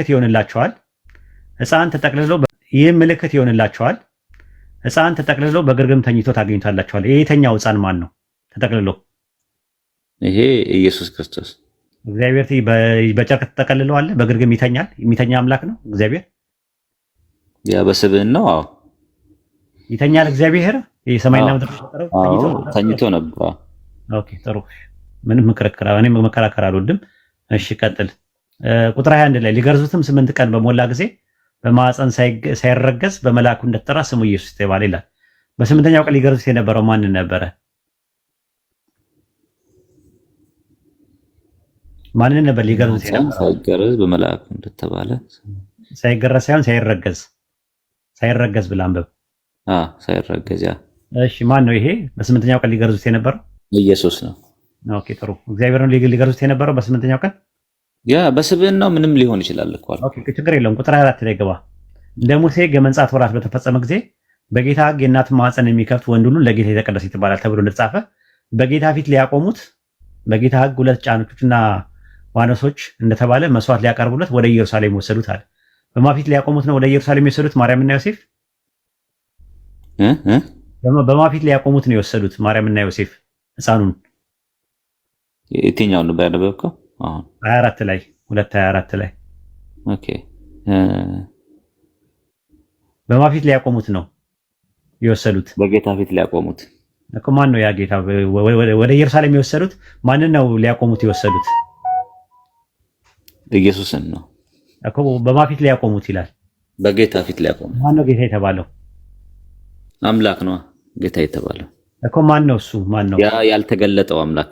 ምልክት ይሆንላቸዋል። ሕፃን ተጠቅልሎ ይህም ምልክት ይሆንላቸዋል። ሕፃን ተጠቅልሎ በግርግም ተኝቶ ታገኝቷላቸዋል። ይህ የተኛው ሕፃን ማን ነው? ተጠቅልሎ ይሄ ኢየሱስ ክርስቶስ። እግዚአብሔር በጨርቅ ተጠቀልሎ አለ፣ በግርግም ይተኛል። የሚተኛ አምላክ ነው እግዚአብሔር። ያ በስብህን ነው። አዎ ይተኛል። እግዚአብሔር የሰማይና ምድር ተኝቶ ነበር። ጥሩ ምንም መከራከር አልወድም። እሺ ቀጥል። ቁጥር 21 ላይ ሊገርዙትም ስምንት ቀን በሞላ ጊዜ በማዕፀን ሳይረገዝ በመልአኩ እንደተጠራ ስሙ ኢየሱስ ተባለ ይላል። በስምንተኛው ቀን ሊገርዙት የነበረው ማን ነበረ? ማንን ነበር ሊገርዙት የነበረው? ሳይገረዝ በመልአኩ እንደተባለ ሳይገረዝ ሳይሆን ሳይረገዝ ሳይረገዝ ብላ አንብብ። አዎ ሳይረገዝ። ያ እሺ፣ ማን ነው ይሄ? በስምንተኛው ቀን ሊገርዙት የነበረው ኢየሱስ ነው። ኦኬ ጥሩ። እግዚአብሔር ነው ሊገርዙት የነበረው በስምንተኛው ቀን ያ በስብዕናው ምንም ሊሆን ይችላል እኮ ኦኬ፣ ችግር የለውም። ቁጥር አራት ላይ ገባ። ለሙሴ ሙሴ ገመንጻት ወራት በተፈጸመ ጊዜ በጌታ ሕግ የእናቱን ማኅፀን የሚከፍት ወንድ ሁሉ ለጌታ የተቀደሰ ይባላል ተብሎ እንደተጻፈ በጌታ ፊት ሊያቆሙት በጌታ ሕግ ሁለት ጫኖችና ዋነሶች እንደተባለ መስዋዕት ሊያቀርቡለት ወደ ኢየሩሳሌም ወሰዱት አለ። በማን ፊት ሊያቆሙት ነው ወደ ኢየሩሳሌም የወሰዱት? ማርያምና ዮሴፍ። በማን ፊት ሊያቆሙት ነው የወሰዱት? ማርያምና ዮሴፍ ህፃኑን። የትኛውን ነበር ያነበብከው? ሀያ አራት ላይ ሁለት ሀያ አራት ላይ በማ ፊት ሊያቆሙት ነው የወሰዱት። በጌታ ፊት ሊያቆሙት ማን ነው ያ ጌታ? ወደ ኢየሩሳሌም የወሰዱት ማንን ነው ሊያቆሙት የወሰዱት? ኢየሱስን ነው። በማ ፊት ሊያቆሙት ይላል። በጌታ ፊት ሊያቆሙት ማን ነው ጌታ የተባለው? አምላክ ነው ጌታ የተባለው እኮ ማን ነው? እሱ ማን ነው? ያ ያልተገለጠው አምላክ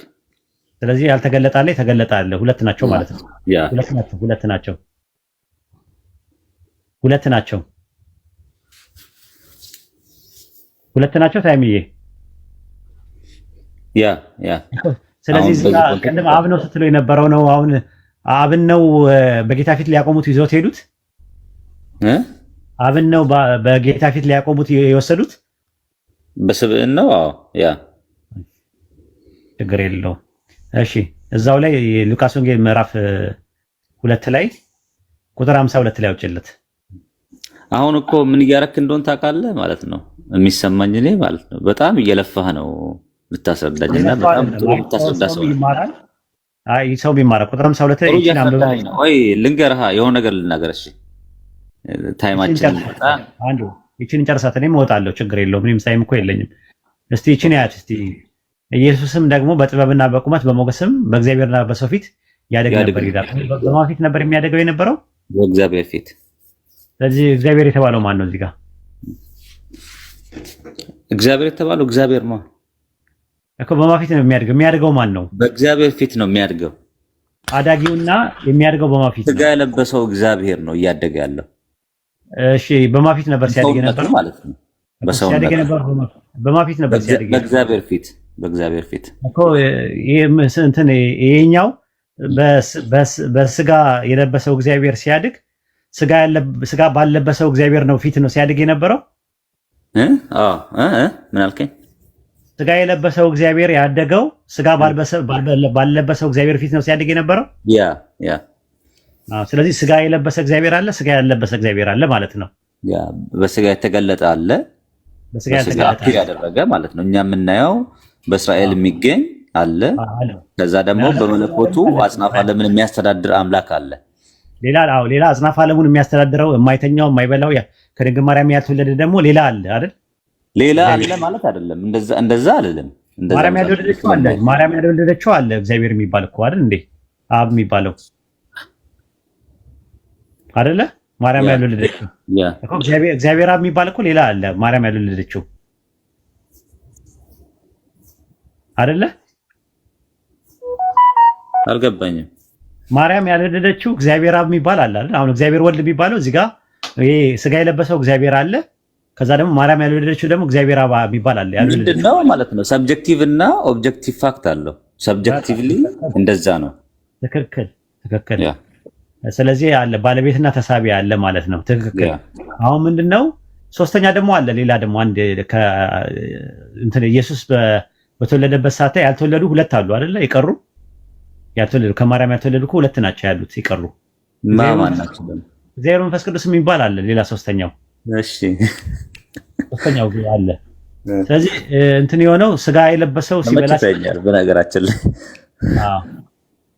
ስለዚህ ያልተገለጠ አለ፣ የተገለጠ አለ። ሁለት ናቸው ማለት ነው። ሁለት ናቸው፣ ሁለት ናቸው፣ ሁለት ናቸው፣ ሁለት ናቸው። ታይምዬ ያ ያ። ስለዚህ እዚህ ቅድም አብ ነው ስትለው የነበረው ነው። አሁን አብን ነው በጌታ ፊት ሊያቆሙት ይዘውት ሄዱት። አብን ነው በጌታ ፊት ሊያቆሙት የወሰዱት። በስብዕን ነው። አዎ ያ ችግር የለውም። እሺ እዛው ላይ ሉቃስ ወንጌል ምዕራፍ ሁለት ላይ ቁጥር ሃምሳ ሁለት ላይ አውጭለት። አሁን እኮ ምን እያረክ እንደሆን ታውቃለህ ማለት ነው። የሚሰማኝ እኔ ማለት ነው በጣም እየለፋህ ነው ብታስረዳኝ እና በጣም ጥሩ ብታስረዳ ሰው አይ ሰው ቢማራ ቁጥር ሃምሳ ሁለት ላይ ወይ ልንገርህ፣ የሆነ ነገር ልናገር። እሺ ታይማችን አንዱ ይችን ጨርሳት፣ እኔም እወጣለሁ። ችግር የለውም። ምንም ሳይም እኮ የለኝም። እስቲ ይችን ያት እስቲ ኢየሱስም ደግሞ በጥበብና በቁመት በሞገስም በእግዚአብሔርና በሰው ፊት ያደግ ነበር ይላል። በማን ፊት ነበር የሚያደገው የነበረው? በእግዚአብሔር ፊት። ስለዚህ እግዚአብሔር የተባለው ማን ነው? እዚህ ጋር እግዚአብሔር የተባለው እግዚአብሔር ነው እኮ። በማን ፊት ነው የሚያድገው? የሚያድገው ማን ነው? በእግዚአብሔር ፊት ነው የሚያድገው። አዳጊውና የሚያድገው በማን ፊት ነው? ሥጋ የለበሰው እግዚአብሔር ነው እያደገ ያለው። እሺ፣ በማን ፊት ነበር ሲያድግ ነበር ማለት ነው? በሰው ነበር። በማን ፊት ነበር ሲያድግ? በእግዚአብሔር ፊት በእግዚአብሔር ፊት ይሄኛው በስጋ የለበሰው እግዚአብሔር ሲያድግ ስጋ ባለበሰው እግዚአብሔር ነው ፊት ነው ሲያድግ የነበረው። ምን አልከኝ? ስጋ የለበሰው እግዚአብሔር ያደገው ስጋ ባለበሰው እግዚአብሔር ፊት ነው ሲያድግ የነበረው። ስለዚህ ስጋ የለበሰ እግዚአብሔር አለ፣ ስጋ ያለበሰ እግዚአብሔር አለ ማለት ነው። በስጋ የተገለጠ አለ፣ በስጋ ያደረገ ማለት ነው። እኛ የምናየው በእስራኤል የሚገኝ አለ። ከዛ ደግሞ በመለኮቱ አጽናፍ ዓለምን የሚያስተዳድር አምላክ አለ። ሌላ አዎ፣ ሌላ አጽናፍ ዓለሙን የሚያስተዳድረው የማይተኛው የማይበላው ከድንግል ማርያም ያልተወለደ ደግሞ ሌላ አለ አይደል? ሌላ አለ ማለት አይደለም። እንደዛ እንደዛ አይደለም። ማርያም ያልተወለደችው አለ፣ ማርያም ያልተወለደችው አለ። እግዚአብሔር የሚባል እኮ አይደል እንዴ? አብ የሚባለው አይደለ? ማርያም ያልወለደችው እግዚአብሔር አብ የሚባል እኮ ሌላ አለ። ማርያም ያልተወለደችው አይደለ? አልገባኝም። ማርያም ያልወለደችው እግዚአብሔር አብ የሚባል አለ አይደል? አሁን እግዚአብሔር ወልድ የሚባለው እዚህ ጋር ይሄ ስጋ የለበሰው እግዚአብሔር አለ። ከዛ ደግሞ ማርያም ያልወለደችው ደግሞ እግዚአብሔር አብ የሚባል አለ። ምንድን ነው ማለት ነው? ሰብጀክቲቭ እና ኦብጀክቲቭ ፋክት አለው። ሰብጀክቲቭሊ እንደዛ ነው። ትክክል ትክክል። ስለዚህ አለ ባለቤትና ተሳቢ አለ ማለት ነው። ትክክል። አሁን ምንድን ነው ሶስተኛ ደግሞ አለ ሌላ ደግሞ አንድ ኢየሱስ በተወለደበት ሰዓት ላይ ያልተወለዱ ሁለት አሉ አይደለ? የቀሩ ያልተወለዱ ከማርያም ያልተወለዱ እኮ ሁለት ናቸው ያሉት የቀሩ። እግዚአብሔር መንፈስ ቅዱስ የሚባል አለ፣ ሌላ ሶስተኛው ሶስተኛው አለ። ስለዚህ እንትን የሆነው ስጋ የለበሰው ሲበላ በነገራችን ላይ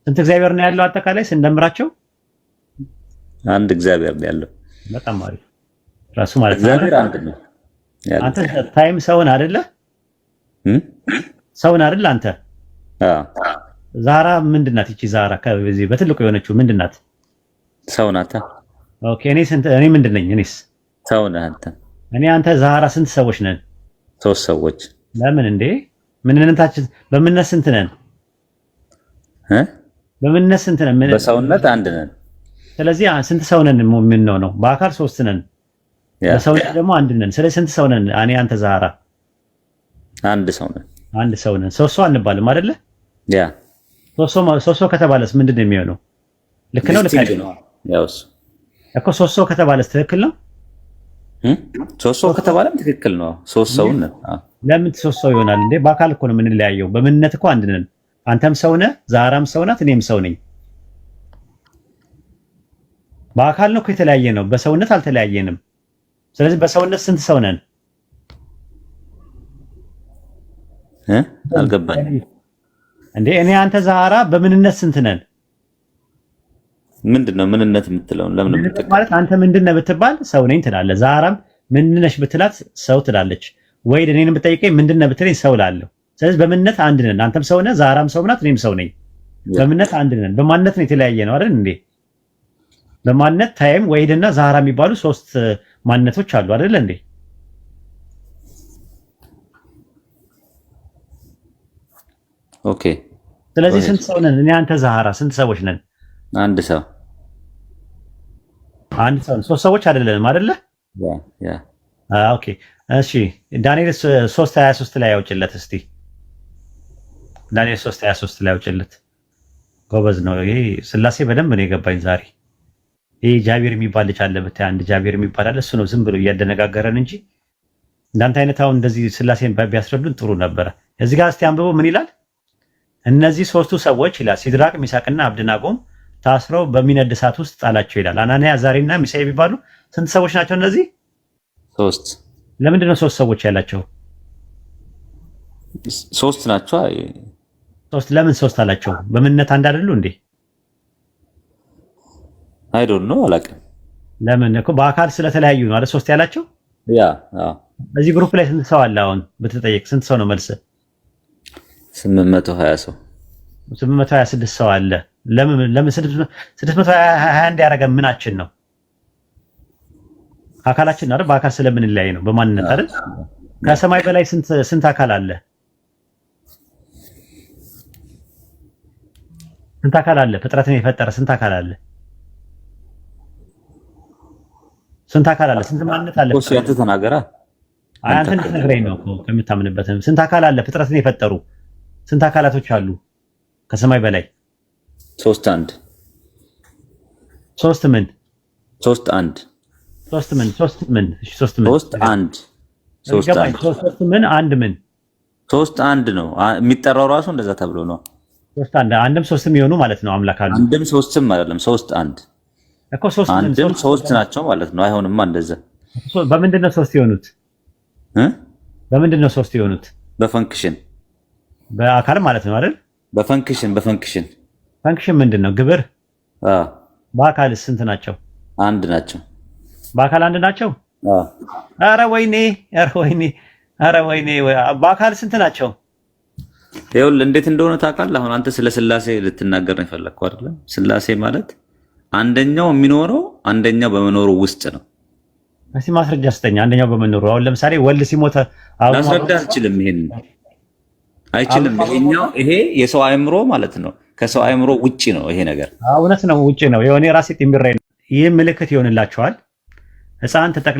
ስንት እግዚአብሔር ነው ያለው? አጠቃላይ ስንደምራቸው አንድ እግዚአብሔር ነው ያለው። በጣም አሪፍ ራሱ ማለት ነው። አንተ ታይም ሰውን አይደለ ሰውን አይደል አንተ ዛራ ምንድናት? ናት? ይቺ ዛራ ከዚህ በትልቁ የሆነችው ምንድናት? ናት? ሰው ናት። ኦኬ እኔ ስንት እኔ ምንድን ነኝ? እኔስ ሰው ነህ አንተ። እኔ አንተ ዛራ ስንት ሰዎች ነን? ሶስት ሰዎች። ለምን እንዴ? ምንነታችን በምንነት ስንት ነን? እ በምንነት ስንት ነን? በሰውነት አንድ ነን። ስለዚህ ስንት ሰው ነን? ምን ነው ነው በአካል ሶስት ነን፣ በሰውነት ደግሞ አንድ ነን። ስለዚህ ስንት ሰው ነን? እኔ አንተ ዛራ አንድ ሰው ነን። አንድ ሰው ነን። ሰው ሰው አንባልም አይደለ? ያ ሰው ሰው ከተባለስ ምንድን ነው የሚሆነው? ልክ ነው ልክ ነው። እኮ ሰው ሰው ከተባለስ ትክክል ነው። ሰው ሰው ከተባለም ትክክል ነው። ሰው ሰው ነው። ለምን ሰው ሰው ይሆናል እንዴ? በአካል እኮ ነው የምንለያየው። በምንነት እኮ አንድ ነን። አንተም ሰው ነህ፣ ዛራም ሰው ናት፣ እኔም ሰው ነኝ። በአካል ነው እኮ የተለያየ ነው። በሰውነት አልተለያየንም። ስለዚህ በሰውነት ስንት ሰው ነን? አልገባኝ እንዴ እኔ አንተ ዛሃራ በምንነት ስንት ነን? ምንድን ነው ምንነት የምትለውን ለምን ማለት አንተ ምንድን ነው ብትባል ሰው ነኝ ትላለ። ዛሃራም ምንነሽ ብትላት ሰው ትላለች። ወይ እኔን ብጠይቀኝ ምንድን ነህ ብትለኝ ሰው እላለሁ። ስለዚህ በምንነት አንድ ነን። አንተም ሰው ነህ፣ ዛሃራም ሰው ናት፣ እኔም ሰው ነኝ። በምንነት አንድ ነን። በማንነት ነው የተለያየ ነው አይደል እንዴ? በማንነት ታይም ወሂድና ዛሃራ የሚባሉ ሶስት ማንነቶች አሉ አይደል እንዴ? ኦኬ። ስለዚህ ስንት ሰው ነን? እኔ አንተ ዛሃራ ስንት ሰዎች ነን? አንድ ሰው አንድ ሰው ሶስት ሰዎች አይደለንም አይደለ? ኦኬ እሺ። ዳንኤል ሶስት ሀያ ሶስት ላይ ያውጭለት እስቲ። ዳንኤል ሶስት ሀያ ሶስት ላይ ያውጭለት። ጎበዝ ነው ይሄ። ስላሴ በደንብ ነው የገባኝ ዛሬ። ይሄ ጃቢር የሚባል ልጅ አለ ብታይ፣ አንድ ጃቢር የሚባል አለ። እሱ ነው ዝም ብሎ እያደነጋገረን እንጂ እንዳንተ አይነት አሁን እንደዚህ ስላሴን ቢያስረዱን ጥሩ ነበረ። እዚህ ጋር እስቲ አንብቦ ምን ይላል? እነዚህ ሶስቱ ሰዎች ይላል ሲድራቅ ሚሳቅና አብድናጎም ታስረው በሚነድ እሳት ውስጥ ጣላቸው ይላል። አናንያ ዛሬና ሚሳኤል የሚባሉ ስንት ሰዎች ናቸው? እነዚህ ሶስት። ለምንድን ነው ሶስት ሰዎች ያላቸው? ሶስት ናቸው። ሶስት ለምን ሶስት አላቸው? በምንነት አንድ አይደሉ እንዴ? ዶንት ኖ አላውቅም። ለምን እኮ በአካል ስለተለያዩ ነው አይደል ሶስት ያላቸው። ያ እዚህ ግሩፕ ላይ ስንት ሰው አለ? አሁን ብትጠየቅ ስንት ሰው ነው መልስ ስምንት ሰው ስምንት ሰው አለ። ለምን ስድስት ያደረገ ምናችን ነው? አካላችን አይደል? በአካል ስለምንለያይ ነው፣ በማንነት አይደል? ከሰማይ በላይ ስንት አካል አለ? ስንት አካል አለ? ፍጥረትን የፈጠረ ስንት አካል አለ? ስንት አካል አለ? ስንት ማንነት አለ? እሱ ያንተ ተናገራ። አንተ እንድትነግረኝ ነው እኮ ከምታምንበት። ስንት አካል አለ? ፍጥረትን የፈጠሩ ስንት አካላቶች አሉ ከሰማይ በላይ? ሶስት አንድ ሶስት ምን ሶስት አንድ ሶስት ምን ሶስት ምን ሶስት ምን ሶስት አንድ ሶስት ምን አንድ ምን ሶስት አንድ ነው የሚጠራው ራሱ እንደዛ ተብሎ ነው። ሶስት አንድ አንድም ሶስትም የሆኑ ማለት ነው አምላክ አሉ። አንድም ሶስትም አይደለም ሶስት አንድ እኮ ሶስት አንድም ሶስት ናቸው ማለት ነው። አይሆንማ እንደዛ። በምንድን ነው ሶስት የሆኑት? በምንድን ነው ሶስት የሆኑት? በፈንክሽን በአካል ማለት ነው አይደል? በፈንክሽን በፈንክሽን ፈንክሽን ምንድን ነው? ግብር በአካል ስንት ናቸው? አንድ ናቸው። በአካል አንድ ናቸው። አረ ወይኔ፣ አረ ወይኔ፣ አረ ወይኔ። በአካል ስንት ናቸው? ይኸውልህ እንዴት እንደሆነ ታውቃለህ። አሁን አንተ ስለ ስላሴ ልትናገር ነው የፈለግኩ አይደለም? ስላሴ ማለት አንደኛው የሚኖረው አንደኛው በመኖሩ ውስጥ ነው። እስኪ ማስረጃ ስጠኝ። አንደኛው በመኖሩ አሁን ለምሳሌ ወልድ ሲሞተ ማስረዳ አልችልም ይሄንን አይችልም። ይሄኛው ይሄ የሰው አእምሮ ማለት ነው። ከሰው አእምሮ ውጭ ነው ይሄ ነገር። እውነት ነው፣ ውጭ ነው። የሆነ ራሴ ነው። ይህ ምልክት ይሆንላቸዋል ህፃን ተጠቅለ